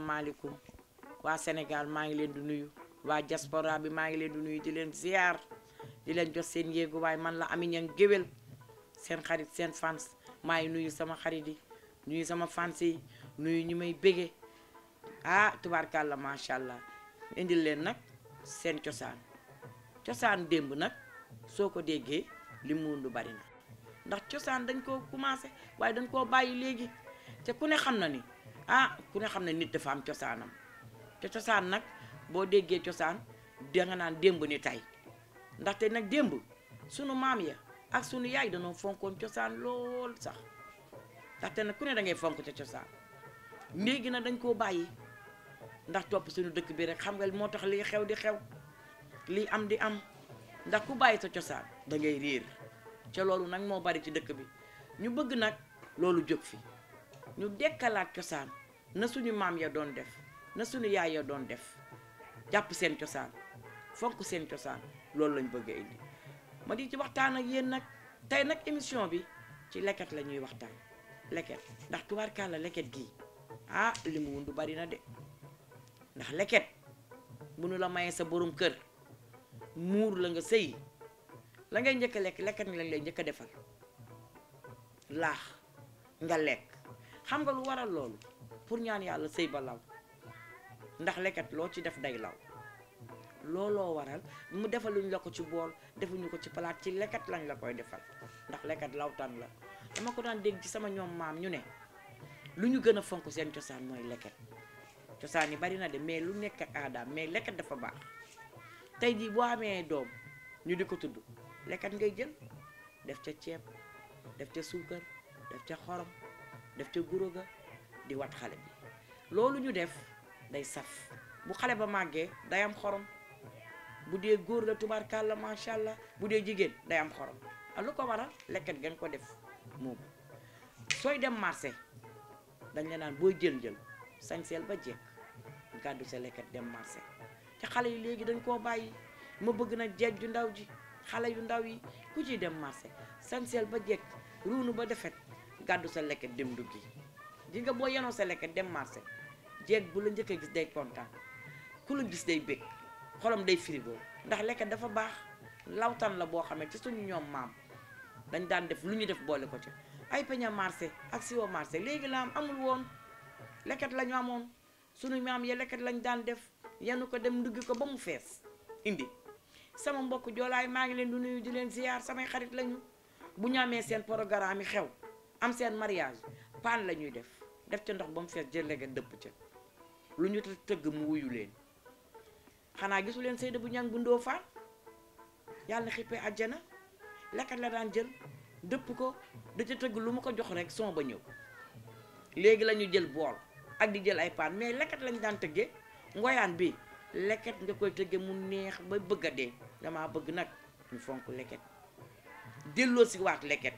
asalaamaaleykum waa Sénégal maa ngi leen di nuyu waa diaspora bi maa ngi leen di nuyu di leen ziar di leen jox seen yéegu waaye man la Amy Niang géwél seen xarit seen fans maa ngi nuyu sama xarit yi nuyu sama fans yi nuyu ñu may bége ah tubaarkàlla macha allah indil leen nag seen cosaan cosaan démb nag soo ko déggee li mu wundu bari na ndax cosaan dañ koo commencé waaye dañ koo bàyyi léegi te ku ne xam na ni ah ku ne xam ne nit dafa am cosaanam te cosaan nag boo déggee cosaan danga naan démb ni tey ndaxte nag démb sunu maam ya ak sunu yaay danoo fonkoon cosaan lool sax ndaxte nag ku ne da ngay fonk ca cosaan léegi nag dañ koo bàyyi ndax topp suñu dëkk bi rek xam nga moo tax lii xew di xew lii am di am ndax ku bàyyi sa cosaan dangay ngay réer ca loolu nag moo bari ci dëkk bi ñu bëgg nag loolu jóg fi ñu dekkalaat cosaan na suñu maam ya doon def na suñu yaay ya doon def jàpp seen cosaan fonk seen cosaan loolu lañ bëgg a indi ma di ci waxtaan ak yéen nag tey nag émission bi ci leket la ñuy waxtaan leket ndax tubaarkàlla leket gii ah li mu bari na de ndax leket mënu la maye sa borom kër muur la nga sëy la ngay njëkk lekk leket lañ lay njëkk a defal laax nga lekk xam nga lu waral loolu pour ñaan yàlla sëy ba law ndax leket loo ci def day law looloo waral mu defaluñ la ko ci bool defuñu ko ci palaat ci leket lañ la koy defal ndax leket lawtan la dama ko daan dégg ci sama ñoom maam ñu ne lu ñu gën a fonk seen cosaan mooy leket cosaan yi bari na de mais lu nekk aadaam mais leket dafa baax tey jii boo amee doom ñu di ko tudd leket ngay jën def ca ceeb def ca suukar def ca xorom def ca guroga di wat xale bi loolu ñu def day saf bu xale ba màggee day am xorom bu dee góor la tubaar kàll macha allah bu dee jigéen day am xorom a ah, lu ko waral lekket ngeen ko def moom sooy dem marché dañ la naan booy jël jël sañseel ba jekk gàddu sa leket dem marché te xale yi léegi dañ koo bàyyi ma bëgg na jeeg ju ndaw ji xale yu ndaw yi ku ciy dem marché sañseel ba jekk ruunu ba defet gàddu sa lekket dem duggi di boo yenoo sa lekket dem marché jeeg bu la njëkkee gis day kontaan ku la gis day bég xolam day frigo ndax lekket dafa baax lawtan la boo xamee ci suñu ñoom maam dañ daan def lu ñu def boole ko ci ay peñ a marché ak siwo marché léegi la am amul woon leket lañu ñu amoon suñu maam ya lekket lañ daan def yenu ko dem nduggi ko ba mu fees indi sama mbokk joolaay maa ngi leen du nuyu di leen ziyaar samay xarit lañu bu ñu amee seen programme yi xew am seen mariage paan la ñuy def def ca ndox ba mu fees jël legen dëpp ca lu ñu tëgg mu wuyu leen xanaa gisu leen Seyda bu ñang bundoo ndoo yàlla xippe xippee àjjana lekkat la daan jël dëpp ko da ca tëgg lu mu ko jox rek son ba ñëw léegi la ñu jël bool ak di jël ay paan mais leket lañ daan tëggee ngoyaan bi leket nga koy tëgge mu neex ba bëgg a dee damaa bëgg nag ñu fonk leket delloo si waat leket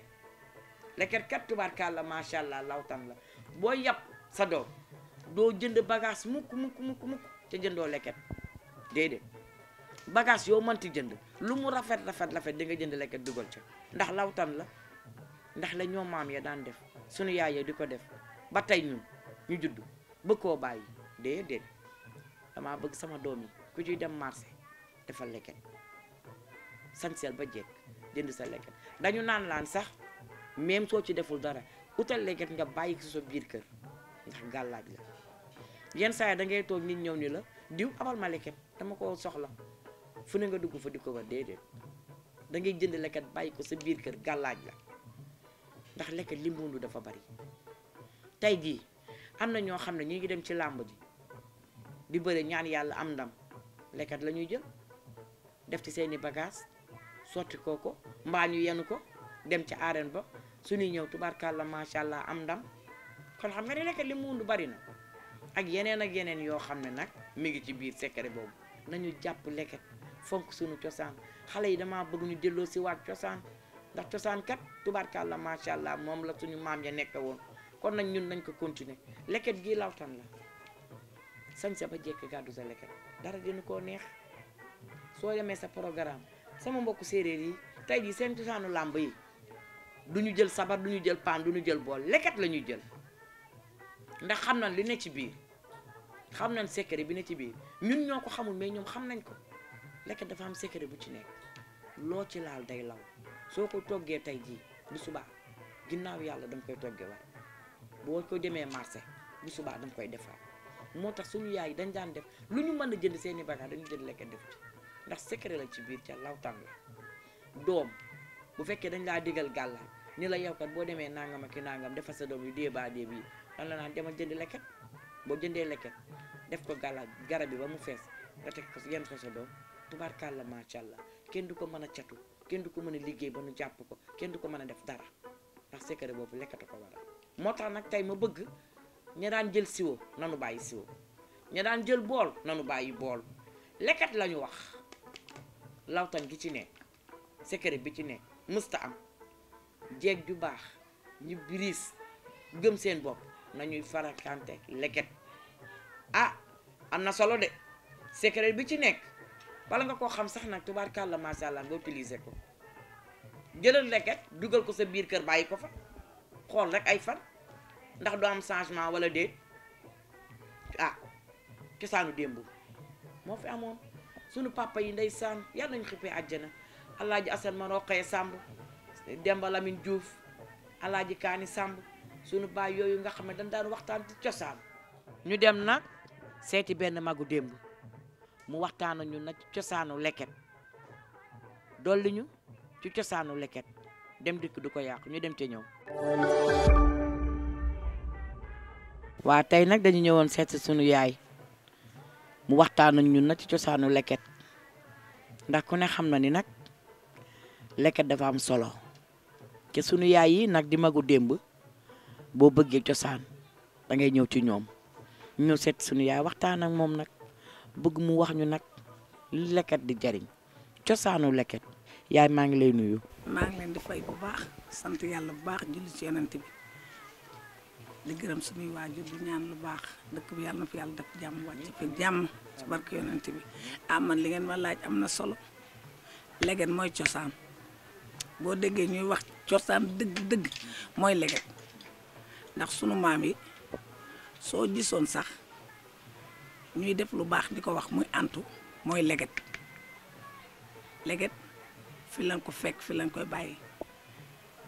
leket kat tubaarkàlla macha allah lawtan la boo yàpp sa doom doo jënd bagage mukk mukk mukk mukk ca jëndoo leket déedéet bagage yoo mënti jënd lu mu rafet rafet rafet di nga jënd leket dugal ca ndax lawtan la ndax la ñoo maam ya daan def sunu yaay ya di ko def ba tey ñun ñu judd bëgg koo bàyyi déedéet damaa bëgg sama doom yi ku ci dem marché defal leket sañseel ba jekk jënd sa leket dañu naan laan sax même soo ci deful dara utal leget nga bàyyi ko sa biir kër ndax gàllaaj la yenn saa yi da ngay toog nit ñëw ni la diw abal ma leket dama ko soxla fu ne nga dugg fa di ko ba déedéet da ngay jënd leket bàyyi ko sa biir kër gàllaaj la ndax leket li mundu dafa bari tey jii am na ñoo xam ne ñu ngi dem ci làmb ji di bëri ñaan yàlla am ndam leket la ñuy jël def ci seeni bagaas sotti koo ko mbaa ñu yenn ko dem ci arène ba suñuy ñëw la macha allah am ndam kon xam nga ne rek li mundu bari na ak yeneen ak yeneen yoo xam ne nag mi ngi ci biir secret boobu nañu jàpp leket fonk sunu cosaan xale yi dama bëgg ñu delloo si waat cosaan ndax cosaan kat tubaarkàlla macha allah moom la suñu maam ya nekk woon kon nañ ñun nañ ko continuer leket gi lawtan la sañ sa ba jekk gàddu sa leket dara dina koo neex soo demee sa programme sama mbokku séeréer yi tey jii seen làmb yi du ñu jël sabar du ñu jël paan du ñu jël bool leket la ñuy jël ndax xam na li ne ci biir xam nañ secret bi ne ci biir ñun ñoo ko xamul mais ñoom xam nañ ko leket dafa am secret bu ci nekk loo ci laal day law soo ko toggee tey jii bu subaa ginnaaw yàlla danga koy toggee war boo ko demee marché bu subaa danga koy defar moo tax suñu yaay dañ daan def lu ñu mën a jënd seeni bagage dañu jënd leket def ci ndax secret la ci biir ca lawtaan la doom bu fekkee dañ laa digal gàllaaj ni la yow kat boo demee nangam ak nàngam defal sa doom yu dee ba dee bii la naan demal jënd leket boo jëndee leket def ko gàllaaj garab yi ba mu fees nga teg ko yenn ko sa doom tubaarkàlla macha allah kenn du ko mën a catu kenn du ko mën a liggéey ba nu jàpp ko kenn du ko mën a def dara ndax secret boobu lekket ko waral moo tax nag tey ma bëgg ña daan jël siwo nanu bàyyi siwo ña daan jël bool nanu bàyyi bool leket lañu wax lawtan gi ci ne secret bi ci ne mësta am jeeg ju baax ñu biriis gëm seen bopp nañuy farakante leket ah am na solo de secret bi ci nekk bala nga koo xam sax nag tubaarkàlla macha allah nga utiliser ko jëlal leket dugal ko sa biir kër bàyyi ko fa xool rek ay fan ndax du am changement wala déet ah cosaanu démb moo fi amoon sunu papa yi ndeysaan yàlla nañu xippee àjjana alaaji Assane ma roqee Samb Demba Lamine juuf alaaji Kaani sàmb sunu baay yooyu nga xam ne dañ daan waxtaan ci cosaan ñu dem nag seeti benn magu démb mu waxtaanu ñu nag ci cosaanu leket dolli ñu ci cosaanu leket dem dikk du ko yàq ñu dem te ñëw waa tey nag dañu ñëwoon seet si sunu yaay mu waxtaan ak ñun nag ci cosaanu leket ndax ku ne xam na ni nag lekkat dafa am solo ci sunu yaay yi nak di magu demb bo beugé ciosan da ngay ñew ci ñom ñu set sunu yaay waxtaan ak mom nak bëgg mu wax ñu nak li lekkat di jariñ ciosanu lekkat yaay ma ngi lay nuyu. ma ngi leen di fay bu baax sant yalla bu baax jullu ci yonent bi di gërëm sunu waajur di ñaan lu baax dekk bi yalla fi yalla def jàmm wàcc fi jamm ci barke yonent bi ah li ngeen ma laaj amna solo legen moy ciosan boo déggee ñuy wax cosaan dëgg-dëgg mooy leget ndax sunu maam yi soo gisoon sax ñuy def lu baax di ko wax muy antu mooy leget leget fi lañ ko fekk fi lañ koy bàyyi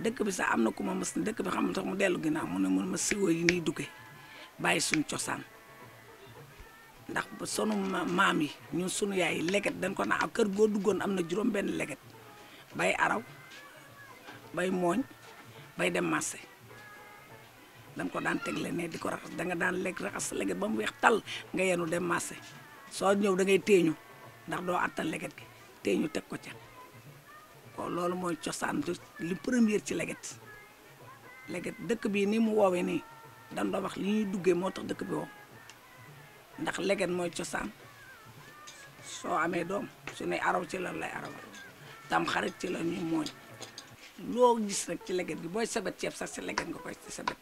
dëkk bi sax am na ku ma mës dëkk bi xamul sax mu dellu ginnaaw mu ne mun ma siwo yi niy dugge bàyyi suñ cosaan ndax ba sunu maam yi ñun sunu yaay leget dañ ko naan kër goo duggoon am na juróom benn leget bay araw bay mooñ bay dem marché dañ ko daan tegle ne di ko raxas da nga daan lekk raxas leget ba mu weex tal nga yenu dem marché soo ñëw da ngay téeñu ndax doo attal leget gi téeñu teg ko ca ko loolu mooy cosaan li première ci leget leget dëkk bii ni mu woowee nii dañ doo wax li ñuy duggee moo tax dëkk bi woo ndax leget mooy cosaan soo amee doom su ne araw ci lan lay araw tam xarit ci la ñuy mooñ loo gis rek ci leget gi booy sebet ceeb sax si leget nga koy sebet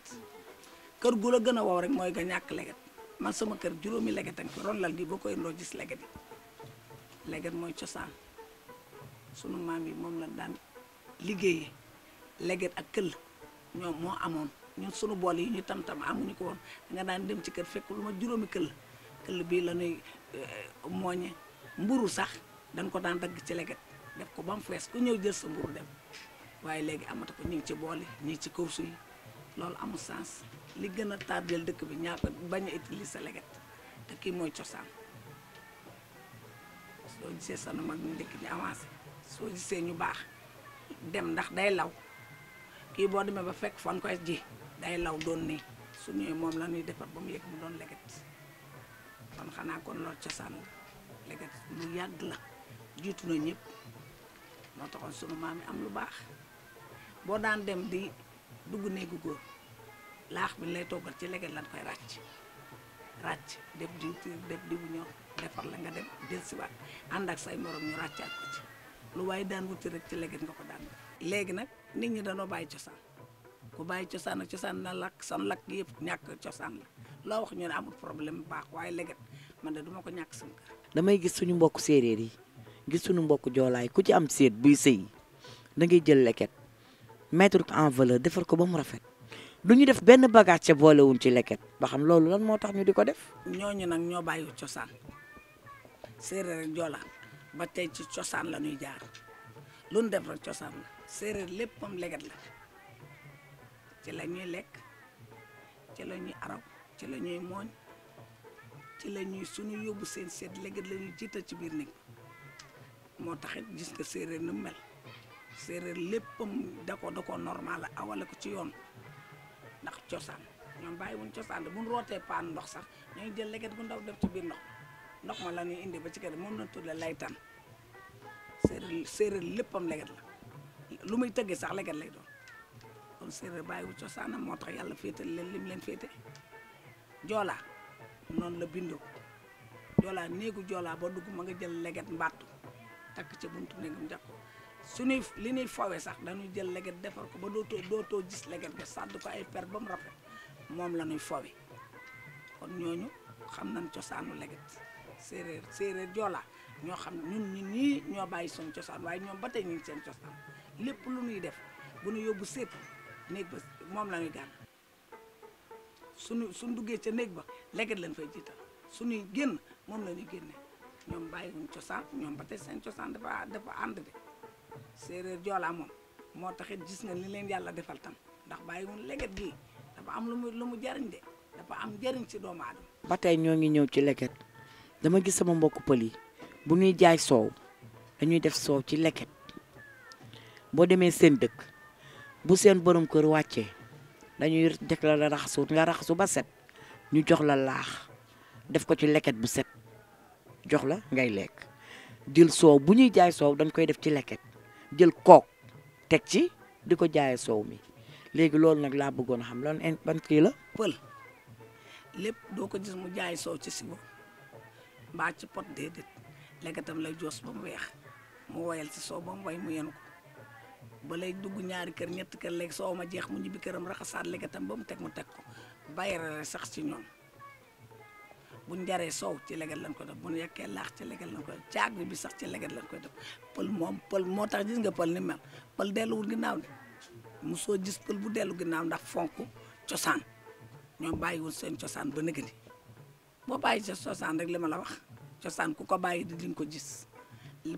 kër gu la gën a wow rek mooy nga ñàkk leget man sama kër juróomi leget ak ron lal di boo koy ndoo gis leget leget mooy cosaan sunu maam yi moom la daan liggéeyee leget ak këll ñoom moo amoon ñun sunu bool yi ñu tam tam amuñu ko woon nga daan dem ci kër fekk lu ma juróomi këll këll bii la ñuy eh, mooñe mburu sax dañ ko daan dagg ci leget def ko ba fees ku ñëw jël sa mburu dem waaye léegi amatu ko ñu ngi ci boole ñu ngi ci course yi loolu amul sens li gën a tardeel dëkk bi ñàkk bañ a sa leget te kii mooy cosaan soo gisee sanu mag ñu njëkk ñu avancé soo gisee ñu baax dem ndax day law kii boo demee ba fekk fan koy ji day law doon nii su ñëwee moom la ñuy defar ba mu yëg mu doon leget kon xanaa kon loolu cosaan la leget lu yàgg la jiitu na ñépp moo taxoon sunu maam yi am lu baax boo daan dem di dugg néegu góor laax bi lay toggal ci leget lan koy ràcc ràcc def diw def diw ñor defar la nga dem del siwaat ànd ak say morom ñu ràcc ko lu waaye daan wuti rek ci leget nga ko daan léegi nag nit ñi dañoo bàyyi cosaan ku bàyyi cosaan ak cosaan la lakk san lakk yëpp ñàkk cosaan la loo wax ñu ne amul problème baax waaye leget man de duma ko ñàkk sama kër damay gis suñu mbokk séeréer yi gis suñu mbokk joolaay ku ci am séet buy sëy da jël leket mettre ko en defar ko ba mu rafet lu ñu def benn bagage ca boolewuñ ci leket ba xam loolu lan moo tax ñu di ko def. ñooñu nag ñoo bàyyi cosaan séeréer ak joola ba tey ci cosaan la ñuy jaar lu ñu def rek cosaan la séeréer léppam leget la ci la ñuy lekk ci la ñuy araw ci lañuy ñuy mooñ ci la ñuy suñu yóbbu seen seet leget la ñuy jiital ci biir néeg moo taxit gis nga séeréer nu mel. séeréer léppam da ko da ko normal awale ko ci yoon ndax cosaan ñoom bàyyi wuñ cosaan de bu ñu rootee paan ndox sax ñooy jël leget bu ndaw def ci biir ndox ndox ma la ñuy indi ba ci kër moom la tuddee laytan séeréer séeréer léppam leget la lu muy tëggee sax leget lay doon kon séeréer bàyyi wu cosaanam moo tax yàlla féetal leen lim leen féete joolaa noonu la bindoo joolaa néegu joolaa ba dugg ma nga jël leget mbattu takk ca buntu néegam jàkkoo suñuy li ñuy fawee sax dañuy jël leget defar ko ba dootoo dootoo gis leget ga sàdd ko ay per ba mu rafet moom la ñuy fawee kon ñooñu xam nañ cosaanu leget séeréer séeréer joolaa ñoo xam ñun ñun ñii ñoo bàyyi seen cosaan waaye ñoom ba tey ñu seen cosaan lépp lu ñuy def bu ñu yóbbu seet néeg ba moom la gànn suñu suñu duggee ca néeg ba leget lañ fay jiital suñuy génn moom la ñuy génne ñoom bàyyi wuñ cosaan ñoom ba tey seen cosaan dafa dafa ànd de séeréer joolaa moom moo taxit gis nga ni leen yàlla defal tam ndax bàyyiwul leget gi dafa am lu mu lu mu jariñ de dafa am jariñ ci doomu aadama ba tey ñoo ngi ñëw ci leget dama gis sama mbokk pël yi bu ñuy jaay soow dañuy def soow ci leket boo demee seen dëkk bu seen borom kër wàccee dañuy def la raxasu nga raxasu ba set ñu jox la laax def ko ci leket bu set jox la ngay lekk jël soow bu ñuy jaay soow dañ koy def ci lekket jël kook teg ci di ko jaaye soow mi léegi loolu nag laa bëggoon a xam loolu ban kii la pël lépp doo ko gis mu jaay soow ci sibo mbaa ci pot déedéet legatam lay joos ba mu weex mu woyal ci soow ba mu way mu yenu ko ba lay dugg ñaari kër ñetti kër léegi soow ma jeex mu ñibbi këram raxasaat legatam ba mu teg mu teg ko bàyyirale sax ci ñoom buñ jaree soow ci leget lañ ko def buñ yekkee laax ci leget lañ koy def caag bi sax ci leget lañ koy def pël moom pël moo tax gis nga pël ni mel pël delluwul ginnaaw de mosoo gis bu dellu ginnaaw ndax fonk cosaan ñoom bàyyiwul seen cosaan ba nëgg ni boo bàyyi sa rek li ma la wax cosaan ku ko bàyyi di diñ ko gis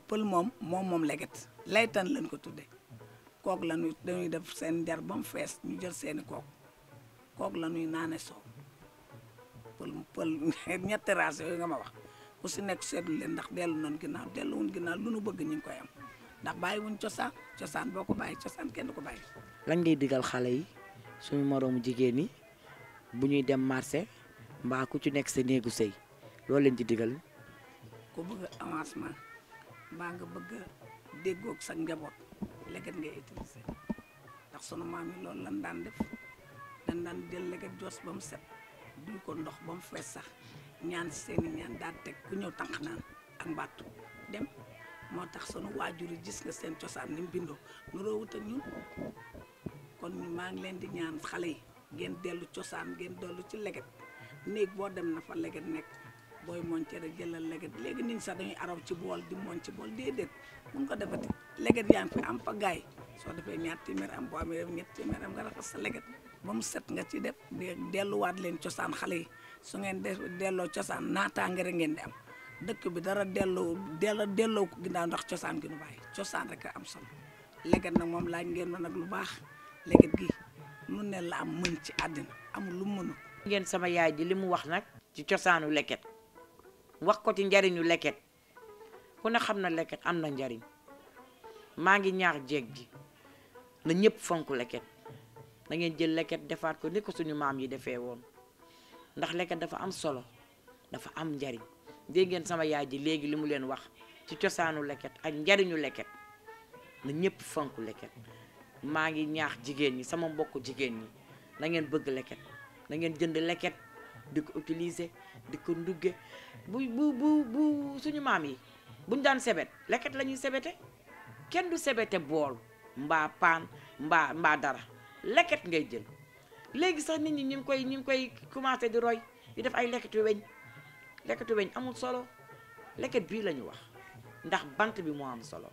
pël moom moom moom leget laytan lañ ko tuddee kook la ñuy def seen jar ba mu fees ñu jël seeni kook kook la ñuy naane soow pël pël ñetti race yooyu nga ma wax ku ci nek seetlu leen ndax delu non ginnaaw delu won ginnaaw lu nu bëgg ñing koy am ndax bayyi wuñ cosaan cosaan boko bayyi bàyyi cosaan kenn ko bayyi lañ lay digal xalé yi suñu moroomu jigéen yi bu ñuy dem marché mba ku ci nek sa néegu sey lo leen ci digal ku bëgg avancement mbaa nga bëgg déggok sa njabot leget nga utiliser ndax suñu maam lool loolu lan daan def dañ daan del leget jos bam mu set duy ko ndox ba mu fees sax ñaan seeni ñaan daan teg ku ñëw tànq naan ak mbàttu dem moo tax sunu waajur yi gis nga seen cosaan ni mu bindoo nuroo wut ak ñun kon maa ngi leen di ñaan xale yi ngeen dellu cosaan ngeen dellu ci leget néeg boo dem na fa leget nekk booy moñcere jëlal leget léegi nit sax dañuy araw ci bool di moñ ci bool déedéet mun ko defati leget yaa ngi fi am fa gaay soo defee ñaar téeméer am boo amee ñett téeméer am nga raxas sa leget ba mu set nga ci def delluwaat leen cosaan xale yi su ngeen def delloo cosaan naataange rek ngeen di am dëkk bi dara delloo delloo delloo ko ginnaaw ndax cosaan gi nu bàyyi cosaan rek am solo leket nag moom laaj ngeen ma nag lu baax léget gi lu ne la am ci àddina amul lu mënul ngeen sama yaay ji li mu wax nag ci cosaanu leket wax ko ci njariñu leket ku ne xam na leket am na njariñ maa ngi ñaax jeeg ji na ñëpp fonk leket da ngeen jël leket defaat ko ni ko suñu maam yi defee woon ndax leket dafa am solo dafa am njariñ dégg ngeen sama yaay ji léegi li mu leen wax ci cosaanu leket ak njariñu leket na ñëpp fonk leket maa ngi ñaax jigéen ñi sama mbokk jigéen ñi na ngeen bëgg leket na ngeen jënd leket di ko utiliser di ko ndugge bu bu bu bu suñu maam yi buñ daan sebet leket la ñuy sebete kenn du sebete bool mbaa paan mbaa mbaa dara leket ngay jël léegi sax nit ñi ñu ngi koy ñu ngi koy commencé di roy di def ay leketu weñ leketu weñ amul solo leket bii la wax ndax bant bi moo am solo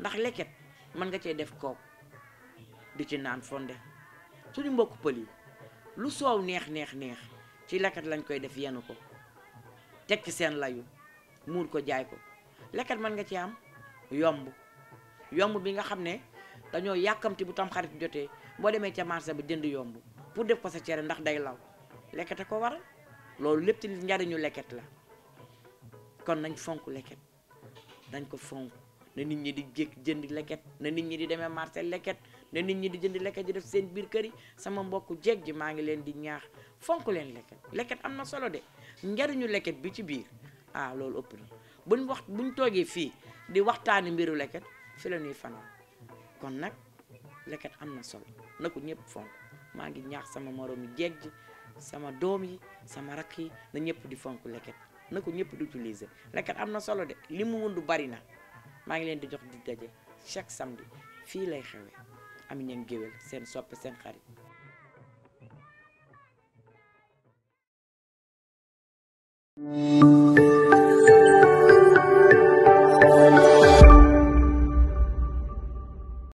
ndax leket mën nga cee def koob di ci naan fonde suñu mbokk pël yi lu soow neex neex neex ci leket lañ koy def yenu ko teg ci seen layu muur ko jaay ko leket mën nga ci am yomb yomb bi nga xam ne dañoo yàkkamti bu tam xarit jotee boo demee ca marché ba jënd yomb pour def ko sa cere ndax day law lekkete ko waral loolu lépp ci njariñu leket la kon nañ fonk leket dañ ko fonk na nit ñi di jékk jënd lekket na nit ñi di demee marché lekket na nit ñi di jënd lekket di def seen biir kër yi sama mbokku jeeg ji maa ngi leen di ñaax fonk leen leket leket am na solo de njariñu leket bi ci biir ah loolu ëpp na buñ wax buñ toogee fii di waxtaani mbiru leket fi la ñuy fanaan kon nag leket am na solo na ko ñëpp fonk maa ngi ñaax sama morom yi jeeg sama doom yi sama rakk yi na ñëpp di fonk leket na ko ñëpp di utiliser leket am na solo de li mu wundu bari na maa ngi leen di jox di daje chaque samedi fii lay xewee am ñeen géwél seen soppe seen xarit